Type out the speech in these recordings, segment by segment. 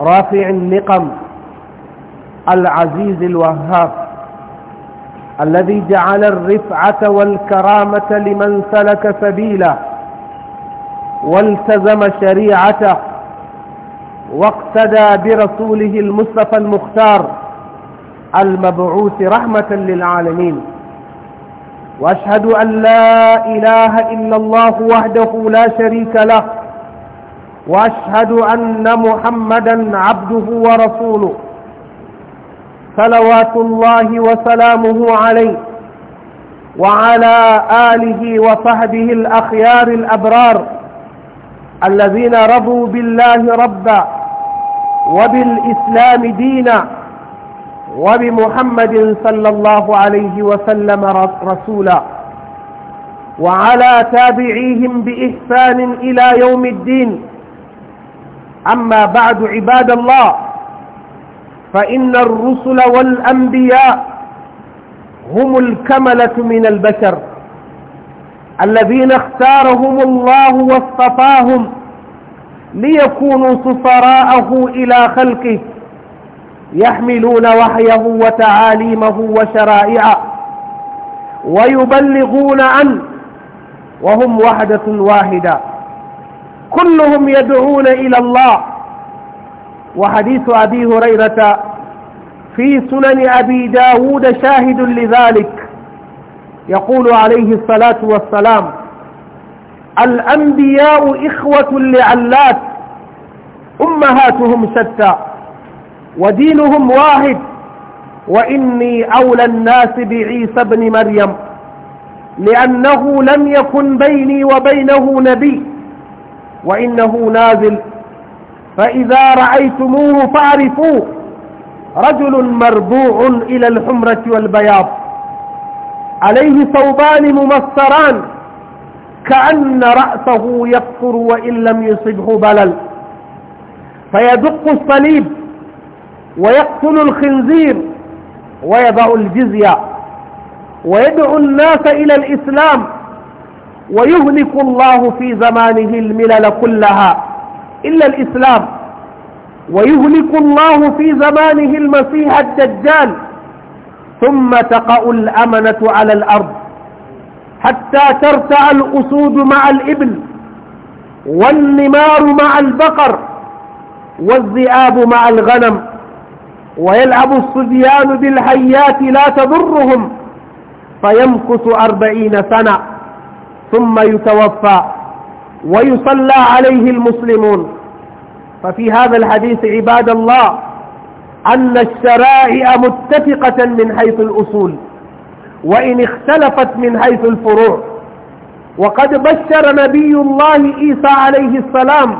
رافع النقم العزيز الوهاب الذي جعل الرفعة والكرامة لمن سلك سبيله والتزم شريعته واقتدى برسوله المصطفى المختار المبعوث رحمة للعالمين وأشهد أن لا إله إلا الله وحده لا شريك له واشهد ان محمدا عبده ورسوله صلوات الله وسلامه عليه وعلى اله وصحبه الاخيار الابرار الذين رضوا بالله ربا وبالاسلام دينا وبمحمد صلى الله عليه وسلم رسولا وعلى تابعيهم باحسان الى يوم الدين أما بعد عباد الله فإن الرسل والأنبياء هم الكملة من البشر الذين اختارهم الله واصطفاهم ليكونوا سفراءه إلى خلقه يحملون وحيه وتعاليمه وشرائعه ويبلغون عنه وهم وحدة واحدة كلهم يدعون إلى الله وحديث أبي هريرة في سنن أبي داود شاهد لذلك يقول عليه الصلاة والسلام الأنبياء إخوة لعلات أمهاتهم شتى ودينهم واحد وإني أولى الناس بعيسى بن مريم لأنه لم يكن بيني وبينه نبي وإنه نازل فإذا رأيتموه فاعرفوه رجل مربوع إلى الحمرة والبياض عليه ثوبان ممصران كأن رأسه يقطر وإن لم يصبه بلل فيدق الصليب ويقتل الخنزير ويضع الجزية ويدعو الناس إلى الإسلام ويهلك الله في زمانه الملل كلها إلا الإسلام ويهلك الله في زمانه المسيح الدجال ثم تقع الأمنة على الأرض حتى ترتع الأسود مع الإبل والنمار مع البقر والذئاب مع الغنم ويلعب الصبيان بالحيات لا تضرهم فيمكث أربعين سنة ثم يتوفى ويصلى عليه المسلمون ففي هذا الحديث عباد الله أن الشرائع متفقة من حيث الأصول وإن اختلفت من حيث الفروع وقد بشر نبي الله إيسى عليه السلام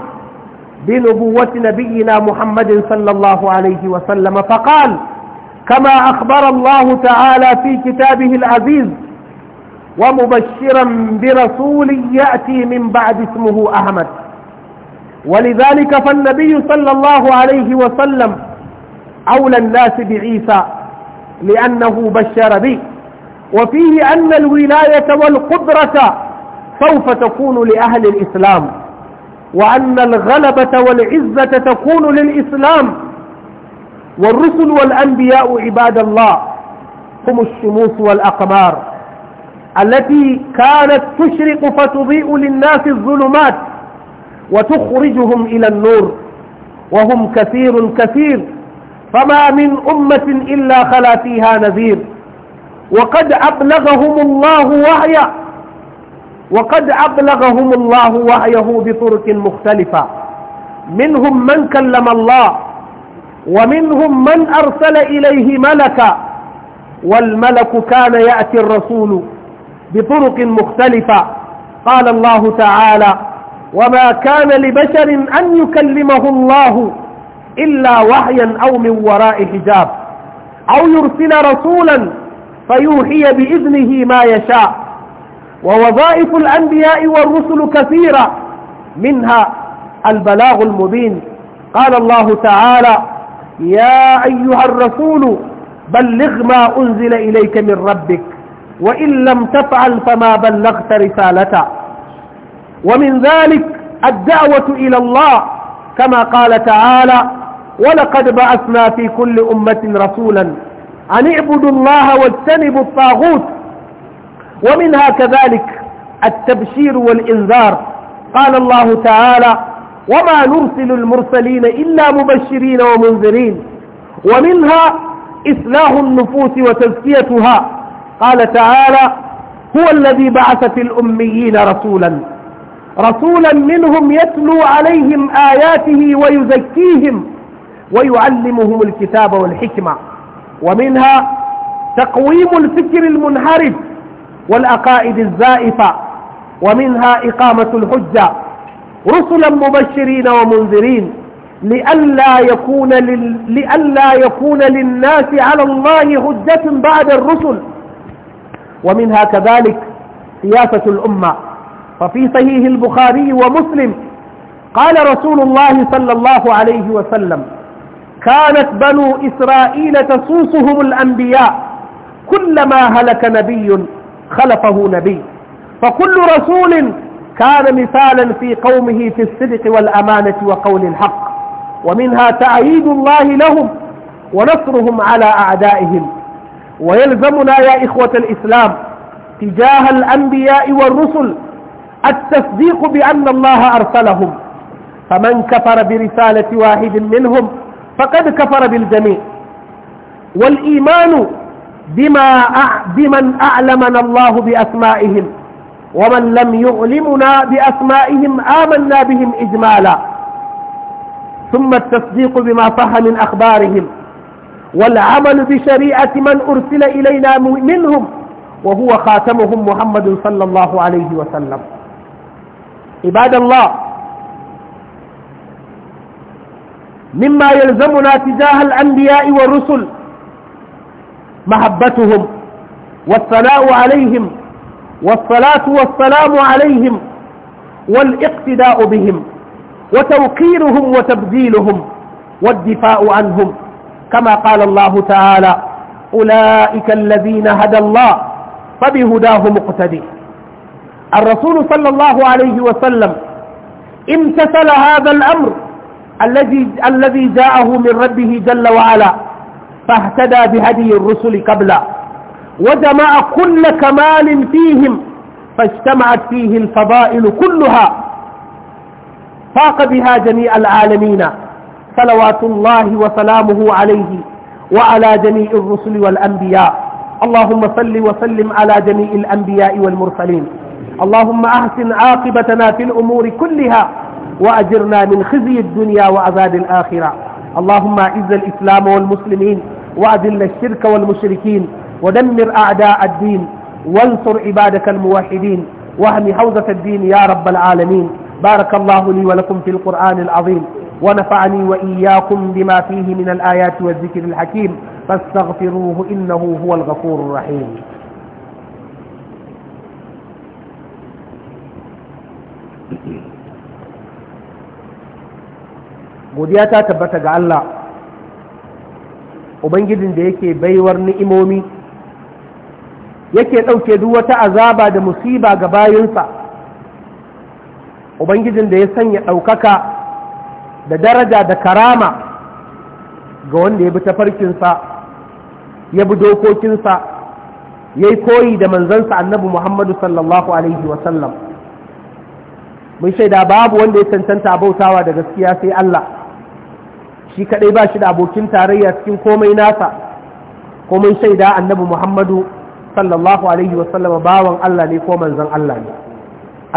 بنبوة نبينا محمد صلى الله عليه وسلم فقال كما أخبر الله تعالى في كتابه العزيز ومبشرا برسول يأتي من بعد اسمه أحمد ولذلك فالنبي صلى الله عليه وسلم أولى الناس بعيسى لأنه بشر به وفيه أن الولاية والقدرة سوف تكون لأهل الإسلام وأن الغلبة والعزة تكون للإسلام والرسل والأنبياء عباد الله هم الشموس والأقمار التي كانت تشرق فتضيء للناس الظلمات وتخرجهم إلى النور وهم كثير كثير فما من أمة إلا خلا فيها نذير وقد أبلغهم الله وعيا وقد أبلغهم الله وعيه بطرق مختلفة منهم من كلم الله ومنهم من أرسل إليه ملكا والملك كان يأتي الرسول بطرق مختلفة قال الله تعالى وما كان لبشر أن يكلمه الله إلا وحيا أو من وراء حجاب أو يرسل رسولا فيوحي بإذنه ما يشاء ووظائف الأنبياء والرسل كثيرة منها البلاغ المبين قال الله تعالى يا أيها الرسول بلغ ما أنزل إليك من ربك وإن لم تفعل فما بلغت رسالته ومن ذلك الدعوة إلى الله كما قال تعالى ولقد بعثنا في كل أمة رسولا أن اعبدوا الله واجتنبوا الطاغوت ومنها كذلك التبشير والإنذار قال الله تعالى وما نرسل المرسلين إلا مبشرين ومنذرين ومنها إصلاح النفوس وتزكيتها قال تعالى هو الذي بعث في الأميين رسولا رسولا منهم يتلو عليهم آياته ويزكيهم ويعلمهم الكتاب والحكمة ومنها تقويم الفكر المنحرف والعقائد الزائفة ومنها إقامة الحجة رسلا مبشرين ومنذرين لئلا يكون, لل... لئلا يكون للناس على الله حجة بعد الرسل ومنها كذلك سياسة الأمة ففي صحيح البخاري ومسلم قال رسول الله صلى الله عليه وسلم كانت بنو إسرائيل تسوسهم الأنبياء كلما هلك نبي خلفه نبي فكل رسول كان مثالا في قومه في الصدق والأمانة وقول الحق ومنها تأييد الله لهم ونصرهم على أعدائهم ويلزمنا يا إخوة الإسلام تجاه الأنبياء والرسل التصديق بأن الله أرسلهم فمن كفر برسالة واحد منهم فقد كفر بالجميع والإيمان بما أع... بمن أعلمنا الله بأسمائهم ومن لم يعلمنا بأسمائهم آمنا بهم إجمالا ثم التصديق بما صح من أخبارهم والعمل بشريعة من أرسل إلينا منهم وهو خاتمهم محمد صلى الله عليه وسلم عباد الله مما يلزمنا تجاه الأنبياء والرسل محبتهم والثناء عليهم والصلاة والسلام عليهم والاقتداء بهم وتوقيرهم وتبديلهم والدفاع عنهم كما قال الله تعالى أولئك الذين هدى الله فبهداه مقتدي الرسول صلى الله عليه وسلم امتثل هذا الأمر الذي الذي جاءه من ربه جل وعلا فاهتدى بهدي الرسل قبلا وجمع كل كمال فيهم فاجتمعت فيه الفضائل كلها فاق بها جميع العالمين صلوات الله وسلامه عليه وعلى جميع الرسل والأنبياء اللهم صل وسلم على جميع الأنبياء والمرسلين اللهم أحسن عاقبتنا في الأمور كلها وأجرنا من خزي الدنيا وعذاب الآخرة اللهم أعز الإسلام والمسلمين وأذل الشرك والمشركين ودمر أعداء الدين وانصر عبادك الموحدين واهم حوزة الدين يا رب العالمين بارك الله لي ولكم في القرآن العظيم ونفعني وإياكم بما فيه من الآيات والذكر الحكيم فاستغفروه إنه هو الغفور الرحيم godiya ta tabbata ga Allah ubangijin da yake baiwar ni'imomi yake ɗauke duk wata azaba da musiba ubangijin da ya sanya ɗaukaka da daraja da karama ga wanda ya bi ta farkinsa ya bi dokokinsa ya yi koyi da manzansa annabi muhammadu sallallahu alaihi wasallam mun shaida babu wanda ya cancanta bautawa da gaskiya sai Allah shi kaɗai ba shi da abokin tarayya cikin komai nasa komai shaida annabi muhammadu sallallahu alaihi wasallam bawan Allah ne ko manzan Allah ne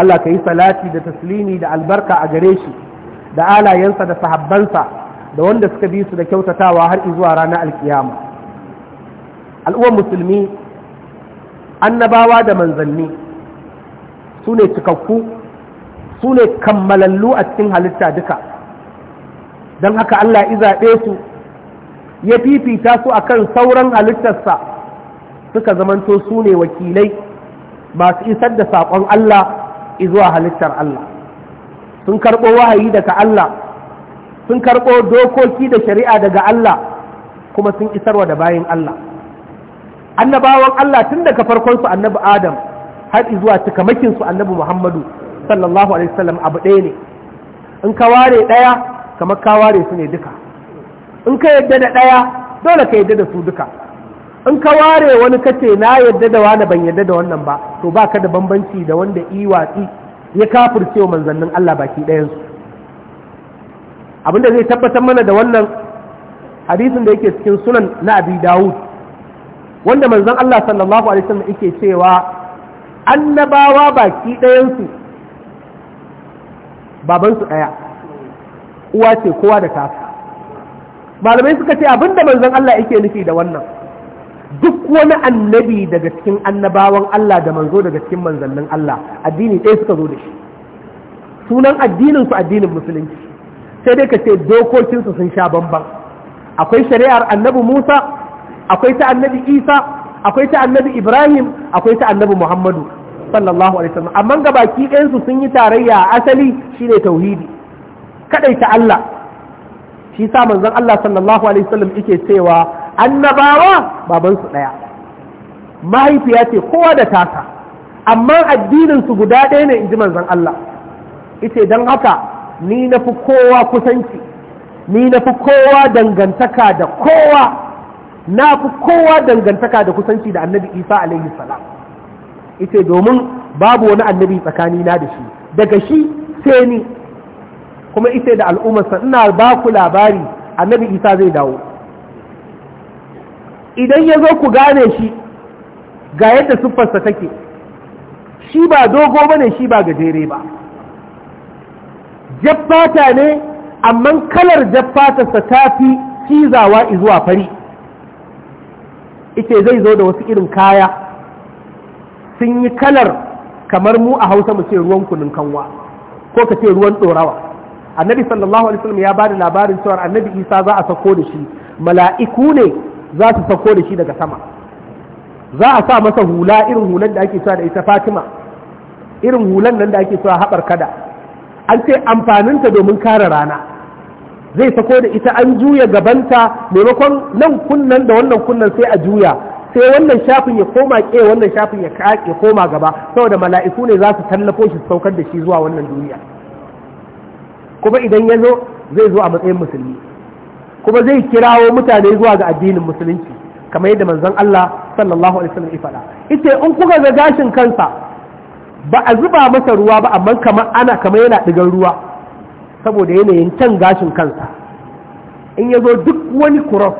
Allah ka yi salati da taslimi da albarka a gare shi da alayensa da sahabbansa da wanda suka bi su da kyautatawa har zuwa ranar alkiyama al'uwan musulmi annabawa da manzanni su ne cikakku su ne kammalallu a cikin halitta duka don haka Allah izaɓe su ya fifita su akan sauran halittarsa suka zamanto su ne wakilai masu isar da saƙon Allah zuwa halittar Allah sun karɓo wahayi daga Allah sun karɓo dokoki da shari'a daga Allah kuma sun isarwa da bayin Allah annabawan Allah tun daga su annabi Adam har zuwa su annabi Muhammadu sallallahu alaihi wasallam abu ɗaya ne in ka ware ɗaya kamar ka ware su ne duka in ka yadda da ɗaya dole ka yadda da su duka in ka ware wani kace na yadda da wani ban yadda da wannan ba to ba ka da bambanci da wanda yi watsi ya kafirce wa manzannin Allah baki ɗayansu abinda zai tabbatar mana da wannan hadisin da yake cikin sunan na abi dawud wanda manzon Allah sallallahu alaihi wasallam yake cewa annabawa baki ɗayansu babansu ɗaya uwa ce kowa da kafa malamai suka ce abinda manzon Allah yake nufi da wannan duk wani annabi daga cikin annabawan Allah da manzo daga cikin manzannin Allah addini ɗaya suka zo da shi sunan addinin su addinin musulunci sai dai ka ce dokokinsu sun sha bamban akwai shari'ar annabi Musa akwai ta annabi Isa akwai ta annabi Ibrahim akwai ta annabi Muhammadu sallallahu alaihi wasallam amma ga baki ɗayan su sun yi tarayya asali shine tauhidi kadai ta Allah shi sa manzon Allah sallallahu alaihi wasallam yake cewa annabawa babansu ɗaya mahaifiya ce kowa da taka amma addininsu guda ɗaya ne in ji manzon Allah ita don haka ni na fi kowa kusanci ni na fi kowa dangantaka da kowa na fi kowa dangantaka da kusanci da annabi isa alaihi salam ita domin babu wani annabi tsakanina da shi daga shi sai ni kuma ita da al'ummarsa ina ba ku labari annabi isa zai dawo idan ya zo ku gane shi ga yadda siffarsa take shi ba dogo ba ne shi ba gajere ba jaffata ne amma kalar jaffatarsa ta fi cizawa zuwa fari ita zai zo da wasu irin kaya sun yi kalar kamar mu a hausa mu ce ruwan kunun kanwa ko ka ce ruwan ɗorawa annabi sallallahu alaihi wasallam ya bada labarin cewa annabi isa za a sako da shi mala'iku ne za su sauko da shi daga sama za a sa masa hula irin hulan da ake sa da ita fatima irin hulan nan da ake sa haɓar kada an ce amfaninta domin kare rana zai sako da ita an juya gabanta maimakon nan kunnan da wannan kunnan sai a juya sai wannan shafin ya koma ke wannan shafin ya kake koma gaba saboda mala'iku ne za su tallafo shi saukar da shi zuwa wannan duniya kuma idan ya zo zai zo a matsayin musulmi kuma zai kirawo mutane zuwa ga addinin musulunci kamar yadda manzon Allah sallallahu alaihi wasallam ya faɗa ita in kuka ga gashin kansa ba a zuba masa ruwa ba amma kamar ana kamar yana digan ruwa saboda yanayin can gashin kansa in ya zo duk wani kurof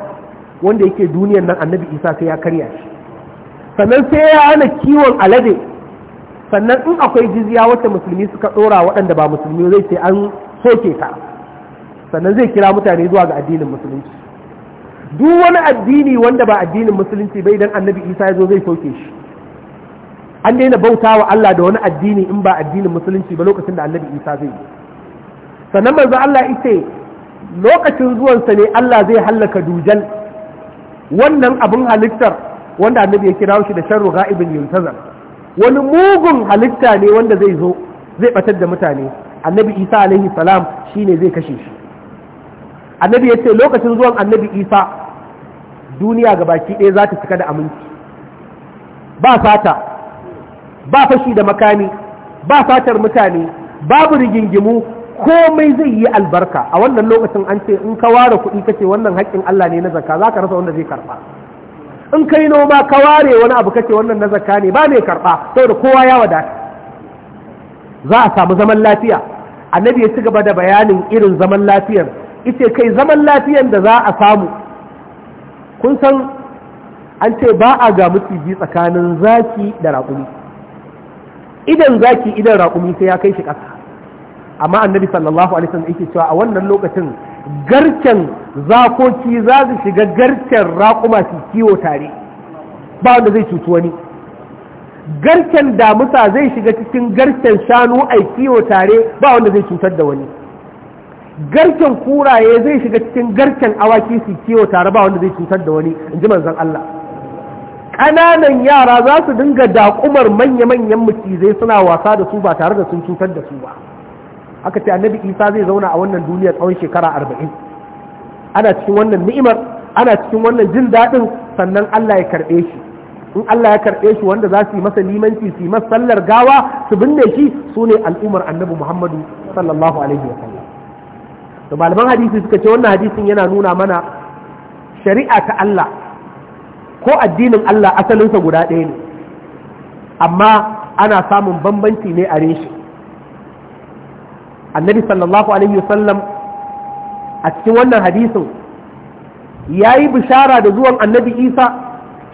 wanda yake duniyar nan annabi isa sai ya karya shi sannan sai ya ana kiwon alade sannan in akwai jizya wata musulmi suka ɗora waɗanda ba musulmi zai sai an soke ta sannan zai kira mutane zuwa ga addinin musulunci duk wani addini wanda ba addinin musulunci bai idan annabi isa ya zo zai sauke shi an daina bauta wa Allah da wani addini in ba addinin musulunci ba lokacin da annabi isa zai yi sannan manzo Allah ita lokacin zuwansa ne Allah zai hallaka dujal wannan abin halittar wanda annabi ya kira shi da sharru ga'ibin yuntazar wani mugun halitta ne wanda zai zo zai batar da mutane annabi isa alaihi salam shine zai kashe shi annabi ya ce lokacin zuwan annabi isa duniya ga baki ɗaya za ta cika da aminci ba sata ba fashi da makami ba satar mutane babu rigingimu komai zai yi albarka a wannan lokacin an ce in ka ware kuɗi kace wannan haƙƙin Allah ne na zakka za ka rasa wanda zai karɓa in kai noma ka ware wani abu kace wannan na zakka ne ba mai karɓa saboda kowa ya wadata za a samu zaman lafiya annabi ya ci gaba da bayanin irin zaman lafiyar ita kai zaman lafiyan da za a samu kun san an ce ba a ga maciji tsakanin zaki da raƙumi idan zaki idan raƙumi sai ya kai shi ƙasa amma annabi sallallahu alaihi wasallam yake cewa a wannan lokacin garken zakoki za su shiga garken raƙuma su kiwo tare ba wanda zai cutu wani garken damusa zai shiga cikin garken shanu a kiwo tare ba wanda zai cutar da wani garken kuraye zai shiga cikin garken awaki su kiwo tare ba wanda zai cutar da wani in ji manzan Allah ƙananan yara za su dinga daƙumar manya-manyan macizai suna wasa da su ba tare da sun cutar da su ba aka ce annabi isa zai zauna a wannan duniya tsawon shekara arba'in ana cikin wannan ni'imar ana cikin wannan jin daɗin sannan allah ya karɓe shi in allah ya karɓe shi wanda za su yi masa limanci su yi masa sallar gawa su binne shi su ne al'ummar annabi muhammadu sallallahu alaihi wa sallam to malaman hadisi suka ce wannan hadisin yana nuna mana shari'a ta Allah ko addinin Allah asalinsa guda ɗaya ne amma ana samun bambanci ne a reshi annabi sallallahu alaihi wasallam a cikin wannan hadisin ya yi bishara da zuwan annabi isa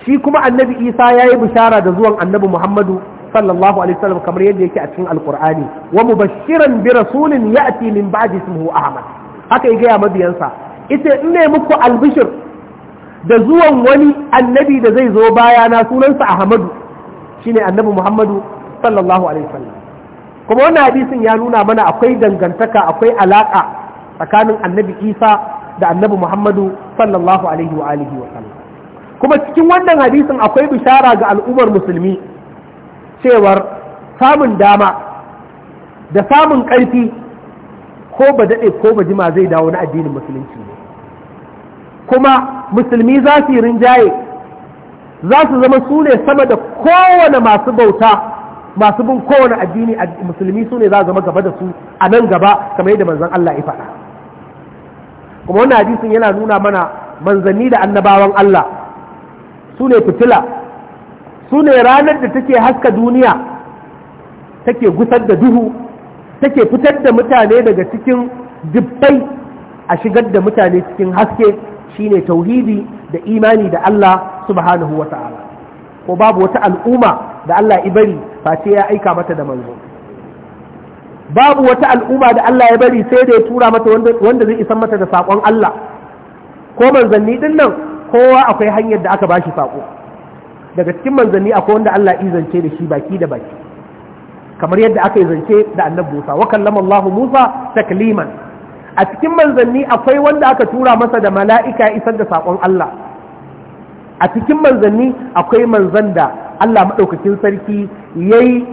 shi kuma annabi isa ya yi bishara da zuwan annabi muhammadu sallallahu alaihi wasallam kamar yadda yake a cikin alkur'ani wa mubashiran bi rasulin ya'ti min ba'di ismihi ahmad haka ya gaya mabiyansa ita in ne muku albishir da zuwan wani annabi da zai zo baya na sunansa ahmadu shine annabi muhammadu sallallahu alaihi sallam kuma wannan hadisin ya nuna mana akwai dangantaka akwai alaka tsakanin annabi isa da annabi muhammadu sallallahu alaihi wa alihi wa sallam kuma cikin wannan hadisin akwai bishara ga al'ummar musulmi cewar samun dama da samun ƙarfi ko ba daɗe ko ba jima zai dawo na addinin musulunci ne kuma musulmi za su yi rinjaye za su zama su ne sama da kowane masu bauta masu bin kowane addini musulmi su ne za zama gaba da su a nan gaba kamar yadda manzan Allah ya faɗa kuma wannan hadisin yana nuna mana manzanni da annabawan Allah su ne fitila su ne ranar da take haska duniya take gusar da duhu take fitar da mutane daga cikin dubbai a shigar da mutane cikin haske shine tauhidi da imani da Allah subhanahu wa ko babu wata al'umma da Allah ya ba face ya aika mata da manzo babu wata al'umma da Allah ya bari sai da ya tura mata wanda zai isan mata da saƙon Allah ko manzanni din nan kowa akwai hanyar da aka bashi saƙo daga cikin manzanni akwai wanda Allah izance da shi baki da baki kamar yadda aka yi zance da annabi Musa wa kallama Musa takliman a cikin manzanni akwai wanda aka tura masa da mala'ika isar da sakon Allah a cikin manzanni akwai manzan da Allah madaukakin sarki yayi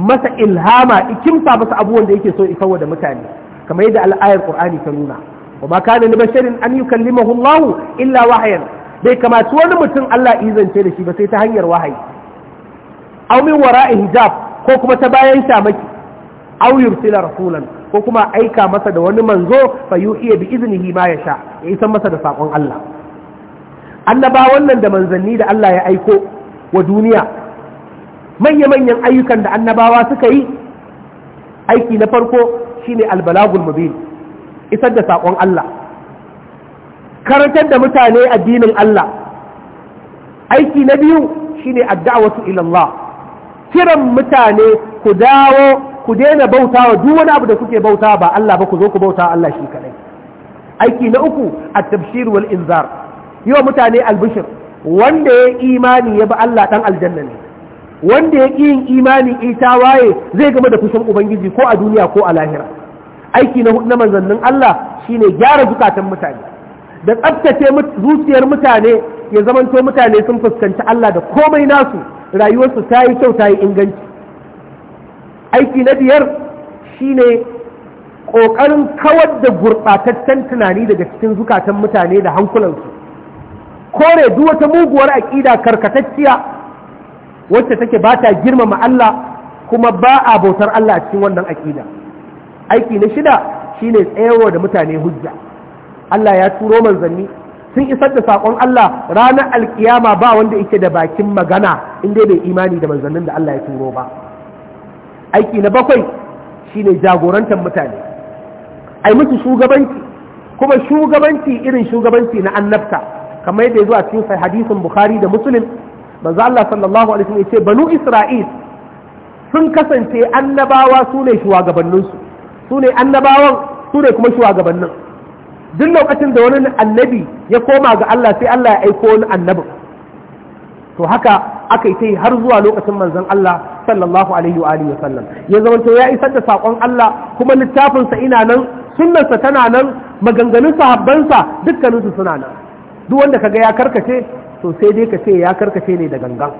masa ilhama ikimsa masa abubuwan da yake so isarwa da mutane kamar yadda al'ayar Qur'ani ta nuna wa ma kana li basharin an yukallimahu Allah illa wahyan bai kamaci wani mutum Allah izance da shi ba sai ta hanyar wahayi Aumin wara'in wara'i hijab ko kuma ta bayan maki aw yursila rasulan ko kuma aika masa da wani manzo fa iya bi iznihi ma yasha ya isan masa da sakon Allah annaba wannan da manzanni da Allah ya aiko wa duniya manya manyan ayyukan da annabawa suka yi aiki na farko shine albalagul mubin isar da sakon Allah karantar da mutane addinin Allah aiki na biyu shine addu'a ila Allah kiran mutane ku dawo ku daina bautawa duk wani abu da kuke bauta ba Allah ba ku zo ku bauta Allah shi kadai aiki na uku at-tabshir wal inzar yau mutane albishir wanda ya imani ya bi Allah dan aljanna ne wanda ya yin imani ita waye zai gama da fushin ubangiji ko a duniya ko a lahira aiki na hudu na manzannin Allah shine gyara zukatan mutane da tsabtace zuciyar mutane ya zamanto mutane sun fuskanci Allah da komai nasu rayuwarsu ta yi kyau ta yi inganci aiki na biyar shine ƙoƙarin kawar da gurɓataccen tunani daga cikin zukatan mutane da hankulansu kore duk wata muguwar aƙida karkatacciya wacce take ba ta girmama Allah kuma ba a bautar Allah cikin wannan aƙida aiki na shida shine tsayarwa da mutane hujja Allah ya turo manzanni sun isar da sakon Allah ranar alkiyama ba wanda yake da bakin magana in dai bai imani da manzannin da Allah ya turo ba aiki na bakwai shine jagorantar mutane ai musu shugabanci kuma shugabanci irin shugabanci na annabta kamar yadda ya zo cikin hadisin bukhari da muslim manzo Allah sallallahu alaihi wasallam ya ce banu isra'il sun kasance annabawa su ne shugabanninsu su ne annabawan su ne kuma shugabannin duk lokacin da wani annabi ya koma ga Allah sai Allah ya aiko wani annabin to haka aka yi ta yi har zuwa lokacin manzon Allah sallallahu alaihi wa alihi wasallam ya zamanto ya isar da sakon Allah kuma littafin sa ina nan sunnar sa tana nan maganganun sahabban sa dukkanin su suna nan duk wanda kaga ya karkace to sai dai ka ce ya karkace ne da gangan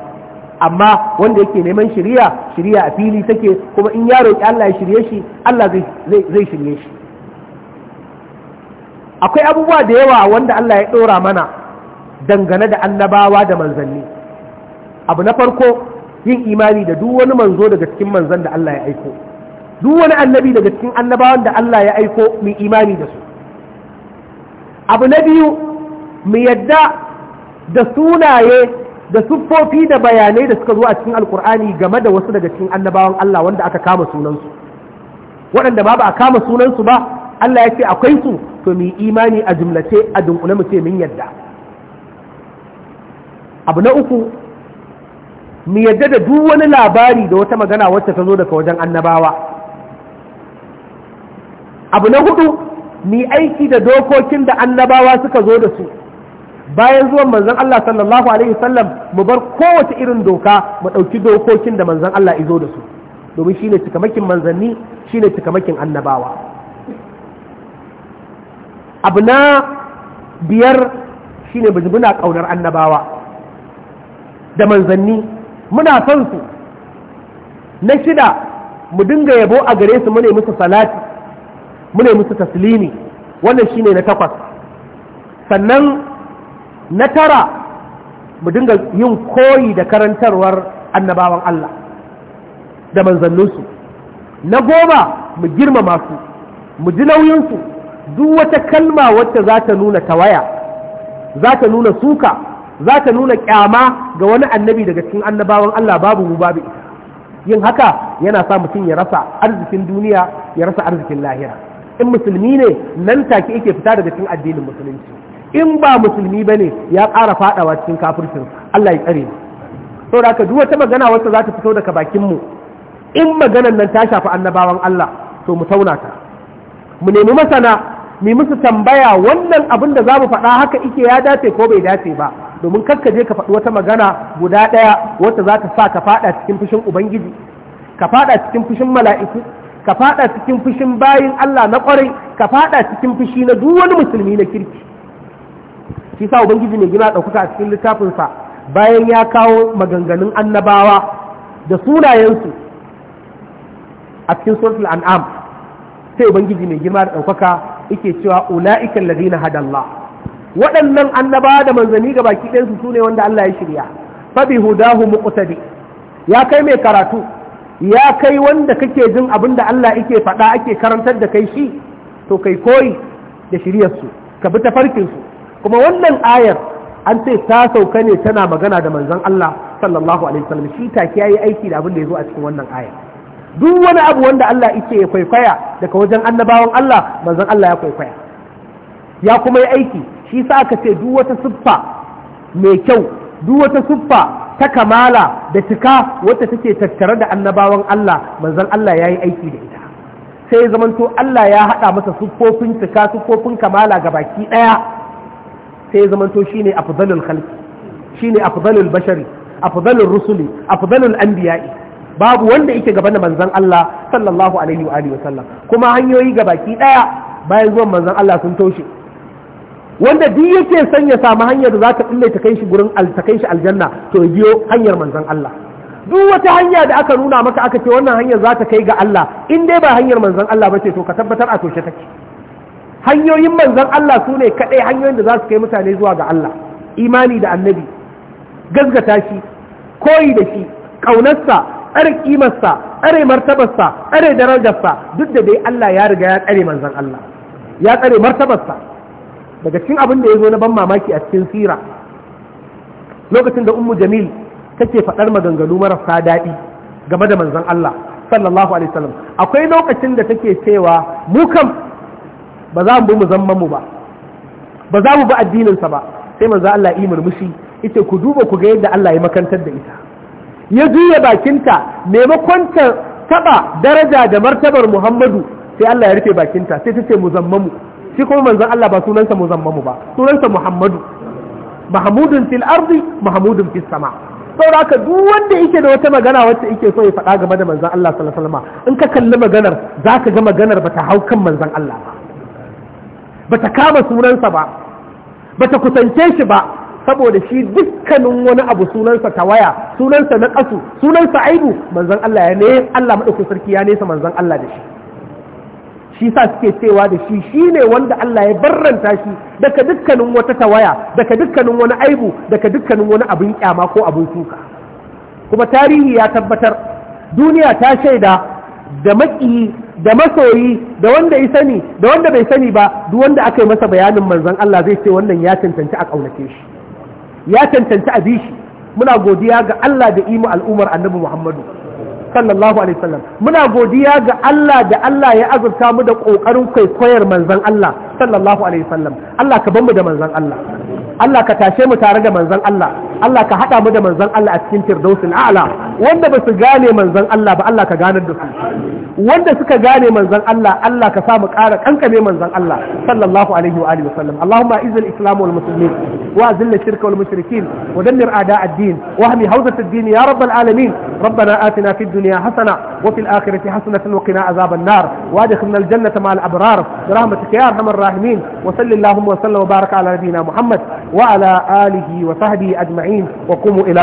amma wanda yake neman shiriya shiriya a fili take kuma in ya roki Allah ya shirye shi Allah zai zai shirye shi akwai abubuwa da yawa wanda Allah ya ɗora mana dangane da annabawa da manzanni abu na farko yin imani da duk wani manzo daga cikin manzan da Allah ya aiko duk wani annabi daga cikin annabawan da Allah ya aiko mu imani da su abu na biyu mu yadda da sunaye da siffofi da bayanai da suka zo a cikin alkur'ani game da wasu daga cikin annabawan Allah wanda aka kama sunansu waɗanda ba ba a kama sunansu ba Allah ya ce akwai su to mu imani a jumlace a dunkule mu ce mun yadda abu na uku mu yadda da duk wani labari da wata magana wacce ta zo daga wajen annabawa abu na hudu mu aiki da dokokin da annabawa suka zo da su bayan zuwan manzon Allah sallallahu alaihi wasallam mu bar kowace irin doka mu ɗauki dokokin da manzon Allah izo da su domin shine cikamakin manzanni shine cikamakin annabawa abu na biyar shine muna ƙaunar annabawa da manzanni muna son su na shida mu dinga yabo a gare su mune musu salati mune musu taslimi wannan shine na takwas sannan na tara mu dinga yin koyi da karantarwar annabawan Allah da su. na goma mu girmama su mu ji nauyinsu duk wata kalma wacce za ta nuna tawaya za ta nuna suka za ta nuna kyama ga wani annabi daga cikin annabawan Allah babu mu babu yin haka yana sa mutum ya rasa arzikin duniya ya rasa arzikin lahira in musulmi ne nan take yake fita daga cikin addinin musulunci in ba musulmi ne ya ƙara faɗawa cikin kafircin Allah ya tsare Sau da aka duk wata magana wacce za ta fito daga bakin mu in maganar nan ta shafi annabawan Allah to mu tauna ta mu nemi masana mi musu tambaya wannan abin da za mu faɗa haka ike ya dace ko bai dace ba domin kakka je ka faɗi wata magana guda ɗaya wata za ta sa ka faɗa cikin fushin ubangiji ka faɗa cikin fushin mala'iku ka faɗa cikin fushin bayin Allah na ƙwarai ka faɗa cikin fushi na duk wani musulmi na kirki shi sa ubangiji mai gina ɗaukaka a cikin littafinsa bayan ya kawo maganganun annabawa da sunayensu a cikin suratul an'am sai ubangiji mai girma da ɗaukaka yake cewa ula'ika allazina hadallah waɗannan annaba da manzanni ga baki ɗayan su ne wanda Allah ya shirya fa bi hudahu muqtadi ya kai mai karatu ya kai wanda kake jin abin da Allah yake faɗa ake karantar da kai shi to kai koyi da shiryar su ka bi tafarkin su kuma wannan ayar an ce ta sauka ne tana magana da manzon Allah sallallahu alaihi wasallam shi take yayi aiki da abin da yazo a cikin wannan ayar duk wani abu wanda Allah yake ya kwaikwaya daga wajen annabawan Allah manzon Allah ya kwaikwaya ya kuma yi aiki shi sa aka ce duk wata siffa mai kyau duk wata siffa ta kamala da cika wata take tattare da annabawan Allah manzon Allah ya yi aiki da ita sai zamanto Allah ya haɗa masa siffofin cika siffofin kamala ga baki ɗaya sai zamanto shine afdalul khalqi shine afdalul bashari afdalul rusuli afdalul anbiya'i babu wanda yake gaba da manzon Allah sallallahu alaihi wa alihi wasallam kuma hanyoyi ga baki daya bayan zuwan manzon Allah sun toshe wanda duk yake son ya samu hanyar da za ta kulle ta kai shi gurin ta kai shi aljanna to ya biyo hanyar manzon Allah duk wata hanya da aka nuna maka aka ce wannan hanyar za ta kai ga Allah in dai ba hanyar manzon Allah ba ce to ka tabbatar a toshe take hanyoyin manzon Allah su ne kaɗai hanyoyin da za su kai mutane zuwa ga Allah imani da annabi gazgata shi koyi da shi ƙaunarsa Ƙare kimarsa ƙare martabarsa ƙare darajarsa duk da dai Allah ya riga ya tsare manzan Allah ya tsare martabarsa daga cikin abin da ya zo na ban mamaki a cikin sira lokacin da ummu jamil take faɗar maganganu marasa daɗi game da manzon Allah sallallahu alaihi wasallam akwai lokacin da take cewa mu kam ba za mu bi mu zamman mu ba ba za mu bi addininsa ba sai manzo Allah yi murmushi Ita ku duba ku ga yadda Allah ya makantar da ita ya juya bakinta maimakon ta taba daraja da martabar Muhammadu sai Allah ya rufe bakinta sai ta ce muzammamu shi kuma manzon Allah ba sunansa muzammamu ba sunansa Muhammadu Mahmudun fil ardi Mahmudun fis sama saboda haka duk wanda yake da wata magana wacce yake so ya faɗa game da manzon Allah sallallahu alaihi wasallam in ka kalli maganar zaka ga maganar bata hau kan manzon Allah ba bata kama sunansa ba bata kusance shi ba saboda shi dukkanin wani abu sunansa tawaya sunansa na ƙasu sunansa aibu manzan Allah ya ne Allah maɗaukin sarki ya nesa manzan Allah da shi shi sa suke cewa da shi shi ne wanda Allah ya barranta shi daga dukkanin wata tawaya daga dukkanin wani aibu daga dukkanin wani abin kyama ko abin suka kuma tarihi ya tabbatar duniya ta shaida da maki da masoyi da wanda ya sani da wanda bai sani ba duk wanda aka yi masa bayanin manzon Allah zai ce wannan ya cancanci a ƙaunace shi ya cancanci a bi shi muna godiya ga Allah da imu al'ummar annabi Muhammadu sallallahu alaihi wasallam muna godiya ga Allah da Allah ya azurta mu da kokarin kwaikwayar manzon Allah sallallahu alaihi wasallam Allah ka bar mu da manzon Allah Allah ka tashe mu tare da manzon Allah Allah ka haɗa mu da manzon Allah a cikin firdausul a'la wanda ba su gane manzon Allah ba Allah ka ganar da su wanda suka gane manzon Allah Allah ka sa mu ƙara kankame manzon Allah sallallahu alaihi wa alihi wasallam Allahumma izil islam wal muslimin wa azil shirka wal mushrikin wa dammir a'da ad-din wa ahmi hawzat ad-din ya rabbal alamin ربنا آتنا في الدنيا حسنة وفي الآخرة حسنة وقنا عذاب النار وادخلنا الجنة مع الأبرار برحمتك يا أرحم الراحمين وصل اللهم وسلم وبارك على نبينا محمد وعلى آله وصحبه أجمعين أجمعين وقوموا إلى